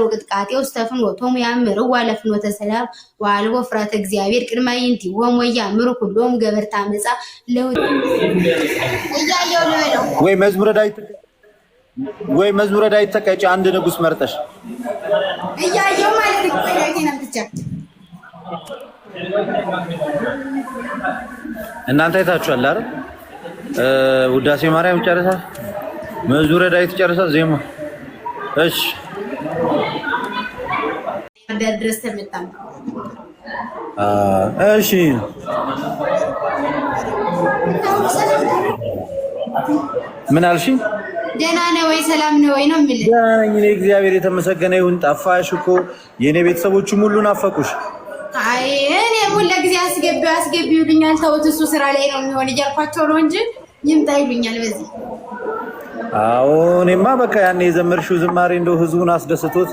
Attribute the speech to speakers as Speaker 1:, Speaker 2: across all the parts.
Speaker 1: ሮግ ጥቃቴው ስተፍኖ ቶሙያምር ዋለፍኖተ ሰላም ዋልቦ ፍራተ እግዚአብሔር ቅድመ ይንቲ ወሞያምር ሁሎም ገበርታ መጻ
Speaker 2: ወይ መዝሙረ ዳዊት ወይ መዝሙረ ዳዊት ተቀጭ አንድ ንጉስ መርጠሽ
Speaker 1: እያየው ማለት ነው። ብቻ
Speaker 2: እናንተ አይታችኋል አይደል? ውዳሴ ማርያም ጨርሳ መዝሙረ ዳዊት ጨርሳ ዜማ እሺ እሺ ምን አልሽኝ?
Speaker 1: ደህና ነው ወይ ሰላም ነው ወይ ነው የምልህ።
Speaker 2: እኔ እግዚአብሔር የተመሰገነ ይሁን። ጠፋሽ እኮ የእኔ ቤተሰቦችም ሁሉ ናፈቁሽ።
Speaker 1: አይ እኔ ሁሉ ጊዜ አስገቢው አስገቢው ይሉኛል። ተውት እሱ ስራ ላይ ነው የሚሆን እያልኳቸው ነው እንጂ ይምጣ ይሉኛል በዚህ
Speaker 2: አሁን ማ በቃ ያኔ የዘመርሽው ዝማሬ እንደው ህዝቡን አስደስቶት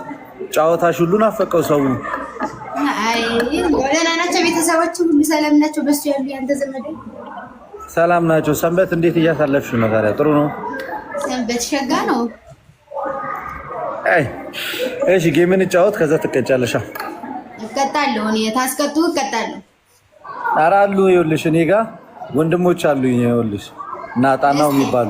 Speaker 2: ጫወታሽ ሁሉን አፈቀው ሰው።
Speaker 1: አይ ደህና ናቸው ቤተሰቦች ሁሉ ሰላም ናቸው። በሱ ያሉ ያንተ ዘመድ
Speaker 2: ሰላም ናቸው። ሰንበት እንዴት እያሳለፍሽ ነው ታዲያ? ጥሩ ነው።
Speaker 1: ሰንበት ሸጋ ነው።
Speaker 2: አይ እሺ፣ ጌምን ጫወት፣ ከዛ ትቀጫለሻ።
Speaker 1: እቀጣለሁ እኔ ታስቀጡ እቀጣለሁ።
Speaker 2: ኧረ አሉ ይኸውልሽ፣ እኔ ጋ ወንድሞች አሉኝ ይኸውልሽ፣ ናጣናው የሚባሉ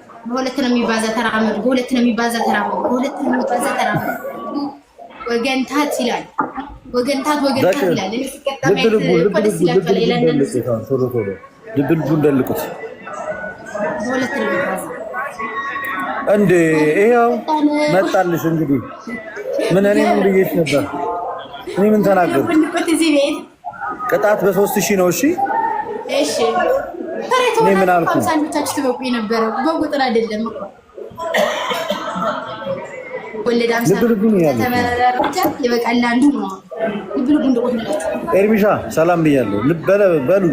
Speaker 1: በሁለት ነው የሚባዛ ተራመዱ፣ በሁለት ነው የሚባዛ ተራመዱ፣ በሁለት ነው የሚባዛ ተራመዱ። ወገንታት ይላል፣ ወገንታት ወገንታት ይላል። እኔ
Speaker 2: ሲቀጣም ደስ ይላቸዋል። ድብልቡ እንደልቁት
Speaker 1: በሁለት ነው የሚባዛ
Speaker 2: እንዴ! ይኸው መጣልሽ። እንግዲህ ምን እኔ ምን ብዬሽ ነበር? እኔ ምን ተናገርኩ? ቅጣት በሶስት ሺህ ነው። እሺ
Speaker 1: እሺ አብዛኞቻችሁ ትበቁ የነበረው በቁጥር አይደለም እኮ
Speaker 2: ኤርሚሻ ሰላም ብያለሁ። በሉ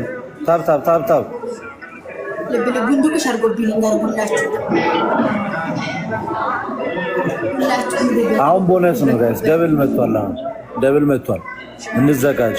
Speaker 2: ታብታብ ታብታብ ልብ አሁን ቦነስ ነው ጋይስ። ደብል መጥቷል። አሁን ደብል መጥቷል። እንዘጋጅ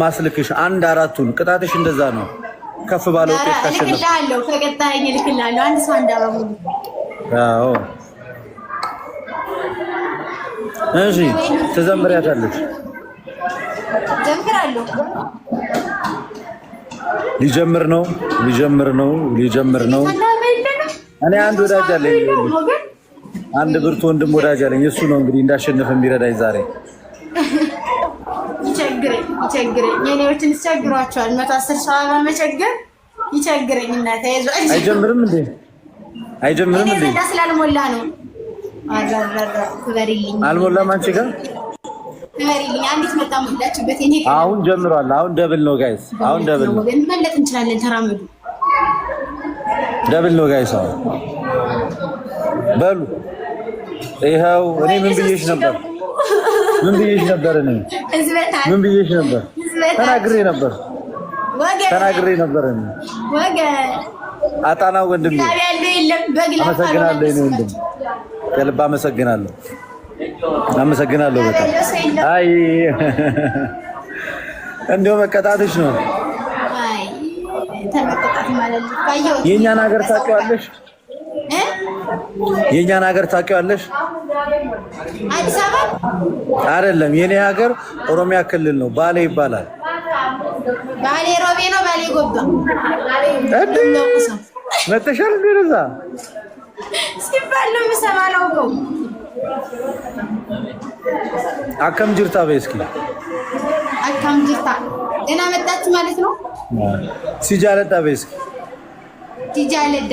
Speaker 2: ማስልክሽ አንድ አራቱን ቅጣትሽ እንደዛ ነው። ከፍ ባለው ውጤት
Speaker 1: ካሸነፍኩ ተቀጣይኝ እልክልሃለሁ። አንድ ሰው አንድ አበባ ሙሉ።
Speaker 2: አዎ እሺ፣ ትዘምሪያታለሽ? ጀምራለሁ። ሊጀምር ነው፣ ሊጀምር ነው፣ ሊጀምር ነው። እኔ አንድ ወዳጅ አለኝ፣ አንድ ብርቱ ወንድም ወዳጅ አለኝ። እሱ ነው እንግዲህ እንዳሸንፍ የሚረዳኝ ዛሬ
Speaker 1: ይቸግረኝ ይቸግረኝ የኔዎችን ይቸግሯቸዋል። መቶ አስር ሰው አባ ይቸግረኝ። እናት አይዞ
Speaker 2: አይጀምርም እንዴ አይጀምርም እንዴ?
Speaker 1: ስላልሞላ ነው።
Speaker 2: አልሞላም። አንቺ ጋር አንዲት መጣ አሁን ጀምሯል። አሁን ደብል ነው ጋይስ፣ አሁን ደብል
Speaker 1: ነው። መለጥ እንችላለን። ተራመዱ።
Speaker 2: ደብል ነው ጋይስ። አሁን በሉ ይኸው እኔ ምን ብዬሽ ነበር ምን ብዬሽ ነበር? እኔ ምን ብዬሽ ነበር? ተናግሬ ነበር ተናግሬ ነበር። እኔ አጣና ወንድሜ አመሰግናለሁ። እኔ ወንድም ከልብ አመሰግናለሁ። አመሰግናለሁ በጣም አይ እንደው መቀጣትሽ ነው አይ ማለት የእኛን ሀገር ታውቂዋለሽ። የእኛን ሀገር ታውቂዋለሽ?
Speaker 1: አዲስ አበባ
Speaker 2: አይደለም፣ የኔ ሀገር ኦሮሚያ ክልል ነው። ባሌ ይባላል።
Speaker 1: ባሌ ሮቤ ነው። ባሌ ጎባ
Speaker 2: መተሻል ገረዛ
Speaker 1: ሲባል ነው የምሰማለው እኮ
Speaker 2: አከም ጅርታ በይ እስኪ
Speaker 1: አካም ጅርታ ደህና መጣች ማለት ነው።
Speaker 2: ሲጃለዳ በይ እስኪ
Speaker 1: ሲጃለዳ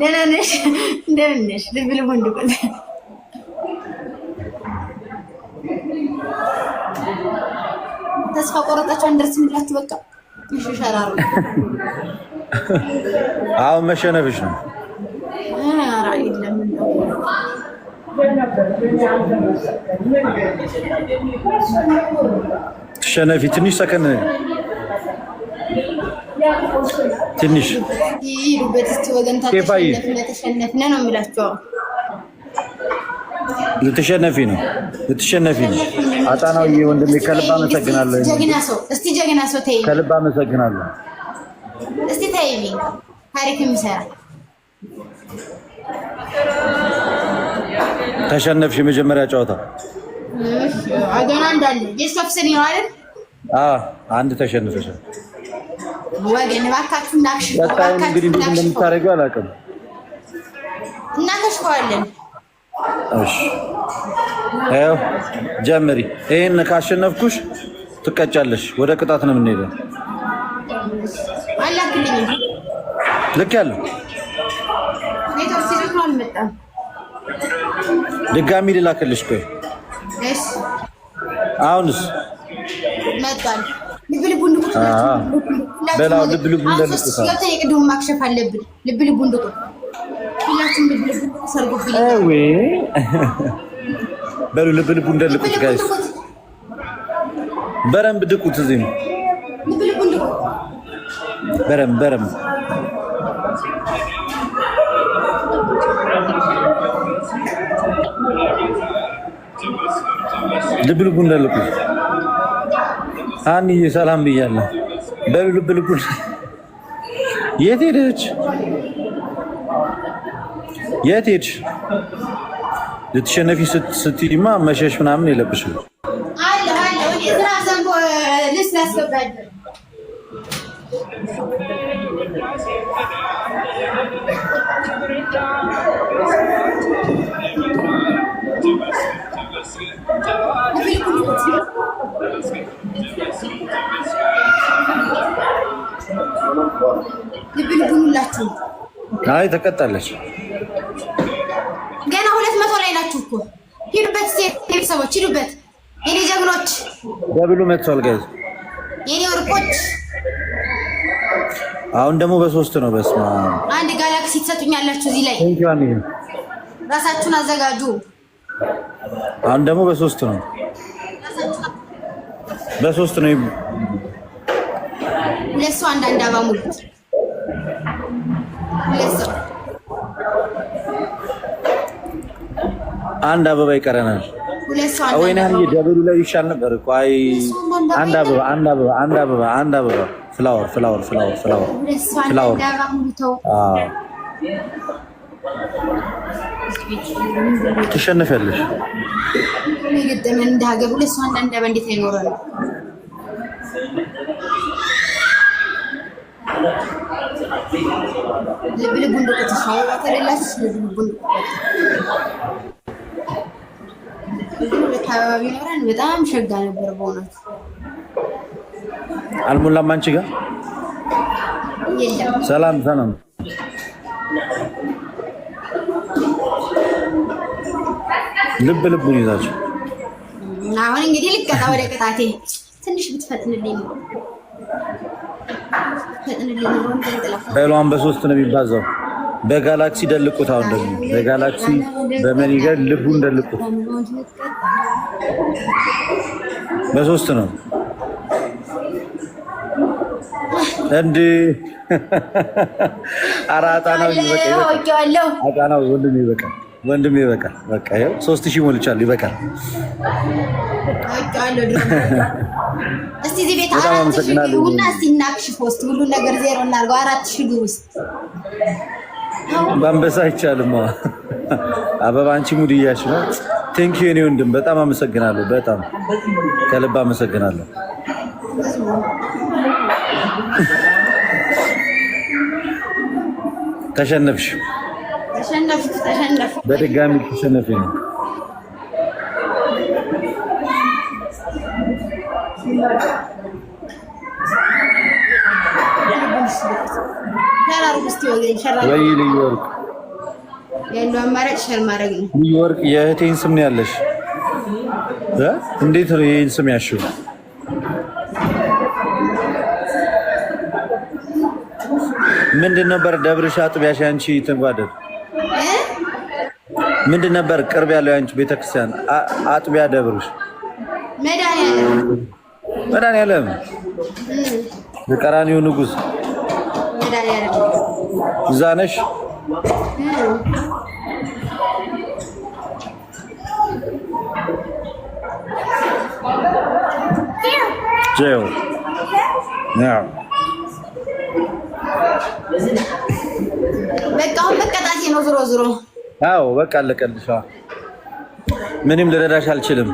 Speaker 1: ደህና ነሽ? እንደምን ነሽ? ልብል ወንድ ቆይ ተስፋ ቆረጣችሁ አንደርስም ብላችሁ በቃ ይሽሻራሩ።
Speaker 2: አሁን መሸነፍሽ ነው። ኧረ የለም ትሸነፊ ትንሽ ሰከን ትንሽ ይሄዱበት እስቲ ወገን ተሸነፍነ ነው የምላቸው። ልትሸነፊ ነው ልትሸነፊ ነው። አጣናውዬ ወንድሜ ከልብ አመሰግናለሁ።
Speaker 1: እስቲ ጀግና ሰው ተይ፣
Speaker 2: ከልብ አመሰግናለሁ።
Speaker 1: እስቲ ተይ ታሪክ የሚሰራ
Speaker 2: ተሸነፍሽ። የመጀመሪያ ጨዋታ
Speaker 1: አዶና እንዳለ የሶፍስን ይዋል
Speaker 2: አንድ ተሸንፈሻል።
Speaker 1: ወገን እባካችሁ
Speaker 2: እንግዲህ እንደምታደርገው አላውቅም። እሺ ጀምሪ። ይሄን ካሸነፍኩሽ ትቀጫለሽ። ወደ ቅጣት ነው የምንሄደው። አላክልኝ ልክ ያለው ድጋሚ ልላክልሽ። ቆይ አሁንስ
Speaker 1: መጣል የቅድሙ ማክሸፍ አለብን። ልብ ልቡ እንደ ሁላችሁም
Speaker 2: ልብ ልቡ ሰርጉብኝ። በሉ ልብ ልቡ እንደልቁት ጋይስ፣ በረምብ ድቁት። እዚህ ነው በረም በረም ልብ ልቡ እንደልቁት። አንዬ ሰላም ብያለሁ። በልብ ልቡ የት ሄደች? የት ሄድሽ? ልትሸነፊ ስትይማ መሸሽ ምናምን የለብሽም።
Speaker 1: ልብን ሁላችሁ
Speaker 2: አይ ተቀጣለች።
Speaker 1: ገና ሁለት መቶ ላይ ናችሁ እኮ ሂዱበት፣ ቤተሰቦች ሂዱበት፣ የኔ ጀግኖች።
Speaker 2: ደብሉ መጥቷል ጋይዝ፣
Speaker 1: የኔ ወርቆች።
Speaker 2: አሁን ደግሞ በሶስት ነው። በስማ
Speaker 1: አንድ ጋላክሲ ትሰጡኛላችሁ እዚህ ላይ ራሳችሁን አዘጋጁ።
Speaker 2: አሁን ደግሞ በሶስት ነው፣ በሶስት ነው
Speaker 1: ሁለት ሰው አንድ አንድ አበባ ሙሉት።
Speaker 2: አንድ አበባ ይቀረናል። ሁለት ሰው አንድ አበባ ደብሉ ላይ ይሻል ነበር አንድ አበባ አንድ አበባ አንድ አበባ አንድ አበባ ፍላወር ፍላወር ፍላወር ፍላወር ፍላወር ትሸነፊያለሽ።
Speaker 1: እንደ ሀገር ሁለት ሰው አንድ አበባ እንዴት አይኖረንም? ቢኖረን በጣም ሸጋ ነበር በእውነት።
Speaker 2: አልሞላም። አንቺ ጋር ሰላም ሰላም። ልብ ልቡን ይዛችሁ
Speaker 1: አሁን እንግዲህ ልቀጣ ወደ ቅጣቴ ትንሽ ብትፈጥንልኝ
Speaker 2: በሏን በሶስት ነው የሚባዛው። በጋላክሲ ደልቁት። አሁን ደግሞ በጋላክሲ በመኒገር ልቡን ደልቁት። በሶስት ነው እንዲ አረ ነው ይበቃ፣ ነው ወንድም ይበቃል። ወንድም ይበቃል። በቃ ይኸው ሶስት ሺህ ሞልቻለሁ። ይበቃል።
Speaker 1: እስቲ እዚህ ቤት አራት ሺህ ግቡና እስቲ እናክሽፍ ነገር ዜሮ እናድርገው። አራት ሺህ ግቡ ውስጥ
Speaker 2: በአንበሳ አይቻልም። አበባ አንቺ ሙድ እያልሽ ነው። ዩ የኔ ወንድም በጣም አመሰግናለሁ። በጣም ከልብ አመሰግናለሁ። ተሸነፍሽ። በድጋሚ ተሸነፊ ነው። ወይ ልዩ ወርቅ
Speaker 1: ያለው አማራጭ ሸር ልዩ
Speaker 2: ወርቅ የእህቴን ስም ያለሽ። እንዴት ነው ይህን ስም ያሽው? ምንድን ነበር ደብርሽ አጥቢያሽ አንቺ ትንባደል ምንድን ነበር ቅርብ ያለው የአንቺ ቤተክርስቲያን አጥቢያ ደብርሽ? መድኃኒዓለም የቀራኒው ንጉስ እዛ ነሽ?
Speaker 1: በቃ አሁን ነው ዝሮ ዝሮ
Speaker 2: አዎ በቃ አለቀልሽ። ምንም ልረዳሽ አልችልም።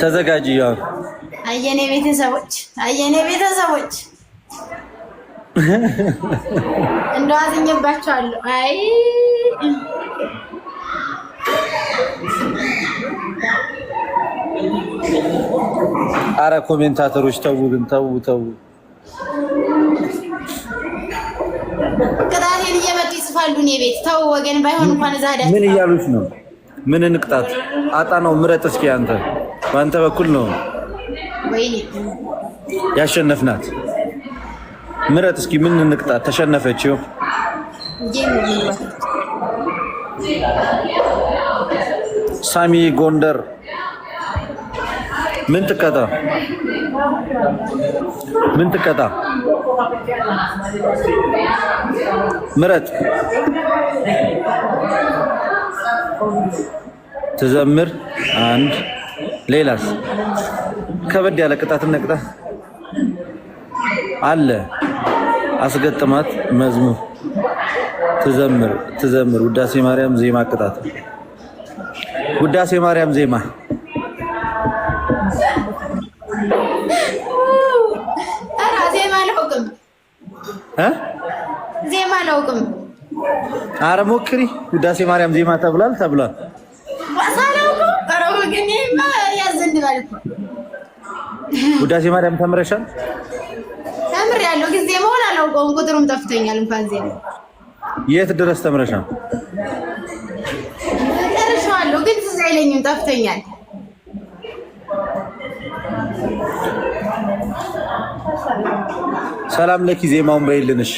Speaker 2: ተዘጋጂ። ያው
Speaker 1: አየኔ ቤተሰቦች አየኔ ቤተሰቦች እንደው አዝኜባቸዋለሁ። አይ
Speaker 2: አረ ኮሜንታተሮች ተው ግን ተው ተው
Speaker 1: ቅጣቴን እየመ ይጠፋሉ። እኔ ቤት ተው ወገን፣ ባይሆን እንኳን እዛ ሄዳችሁ
Speaker 2: ምን እያሉች ነው? ምን እንቅጣት? አጣ ነው ምረጥ። እስኪ አንተ በአንተ በኩል ነው ያሸነፍናት ምረጥ እስኪ ምን እንቅጣት? ተሸነፈችው። ሳሚ ጎንደር ምን ትቀጣ? ምን ትቀጣ? ምረጥ። ትዘምር አንድ። ሌላስ ከበድ ያለ ቅጣት ነቅጣ አለ። አስገጥማት መዝሙር ትዘምር ትዘምር ውዳሴ ማርያም ዜማ ቅጣት ውዳሴ ማርያም ዜማ
Speaker 1: ዜማ አላውቅም።
Speaker 2: አረ ሞክሪ። ውዳሴ ማርያም ዜማ ተብሏል ተብሏል። ውዳሴ ማርያም ተምረሻል?
Speaker 1: ተምሬያለሁ፣ ግን ዜማውን አላውቀውም። ቁጥሩም ጠፍቶኛል። እንኳን ዜማ
Speaker 2: የት ድረስ ተምረሻል?
Speaker 1: ጨርሻለሁ፣ ግን ትዝ አይለኝም፣ ጠፍቶኛል።
Speaker 2: ሰላም ለኪ ዜማውን በይልንሽ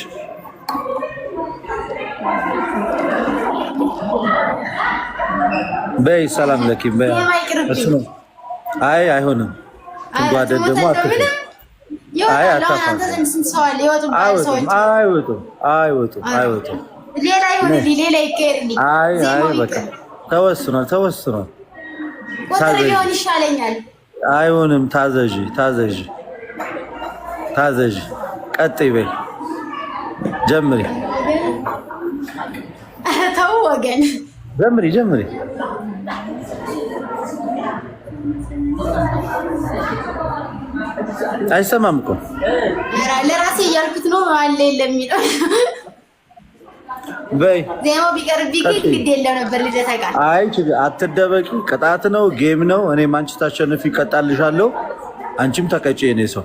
Speaker 2: በይ ሰላም ለኪ በይ። አይ አይሆንም። ትጓደድ ደግሞ አትፈ አይ አታፋ አይወጡም ተወስኗል ተወስኗል። አይሆንም። ታዘዥ ታዘዥ ታዘዥ ቀጥ ይበል ጀምሪ
Speaker 1: ተው ወገን
Speaker 2: ጀምሪ ጀምሪ አይሰማም እኮ
Speaker 1: ለራሴ እያልኩት ነው አለ የለም በይ ዜማ ቢቀርብ ቢቀርብ ግድ የለም ነበር ልደታ ጋር
Speaker 2: አይ አትደበቂ ቅጣት ነው ጌም ነው እኔም አንቺ ታሸንፊ ይቀጣልሻለሁ አንቺም ተቀጪ የኔ ሰው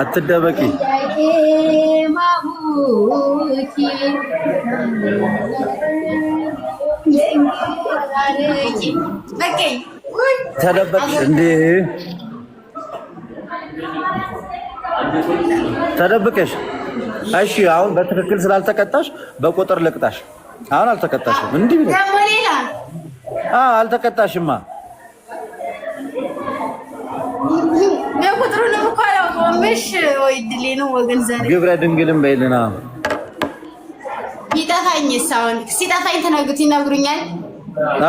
Speaker 2: አትደበቂ። ተደበቂ እንዴ? ተደብቀሽ። እሺ፣ አሁን በትክክል ስላልተቀጣሽ በቁጥር ልቅጣሽ። አሁን አልተቀጣሽም። እንዲህ ቢለው አልተቀጣሽማ
Speaker 1: አበበሽ ወይ ድሌ ነው ወገን
Speaker 2: ግብረ ድንግልም በይልና
Speaker 1: ይጠፋኝ ሲጠፋኝ ይነግሩኛል።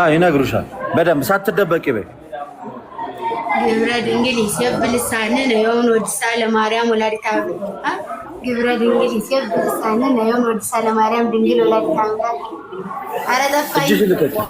Speaker 2: አዎ ይነግሩሻል። በደንብ ሳትደበቂ በይ።
Speaker 1: ግብረ ድንግል ይሰብ ልሳንን ወድሳ ለማርያም ወላዲተ ግብረ ድንግል ይሰብ ወድሳ ለማርያም ድንግል ወላዲተ አረ ጠፋኝ።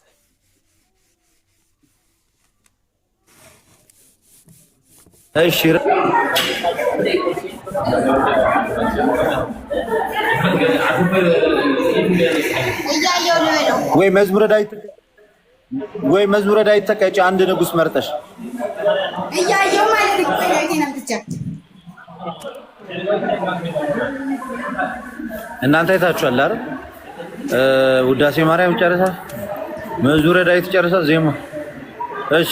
Speaker 2: እሺ ወይ መዝሙረ ዳዊት ወይ መዝሙረ ዳዊት ተቀጭ አንድ ንጉስ መርጠሽ
Speaker 1: እያየሁ ማለት
Speaker 2: እናንተ አይታችኋል አይደል? ውዳሴ ማርያም ጨርሳ መዝሙረ ዳዊት ጨርሳ ዜማ እሺ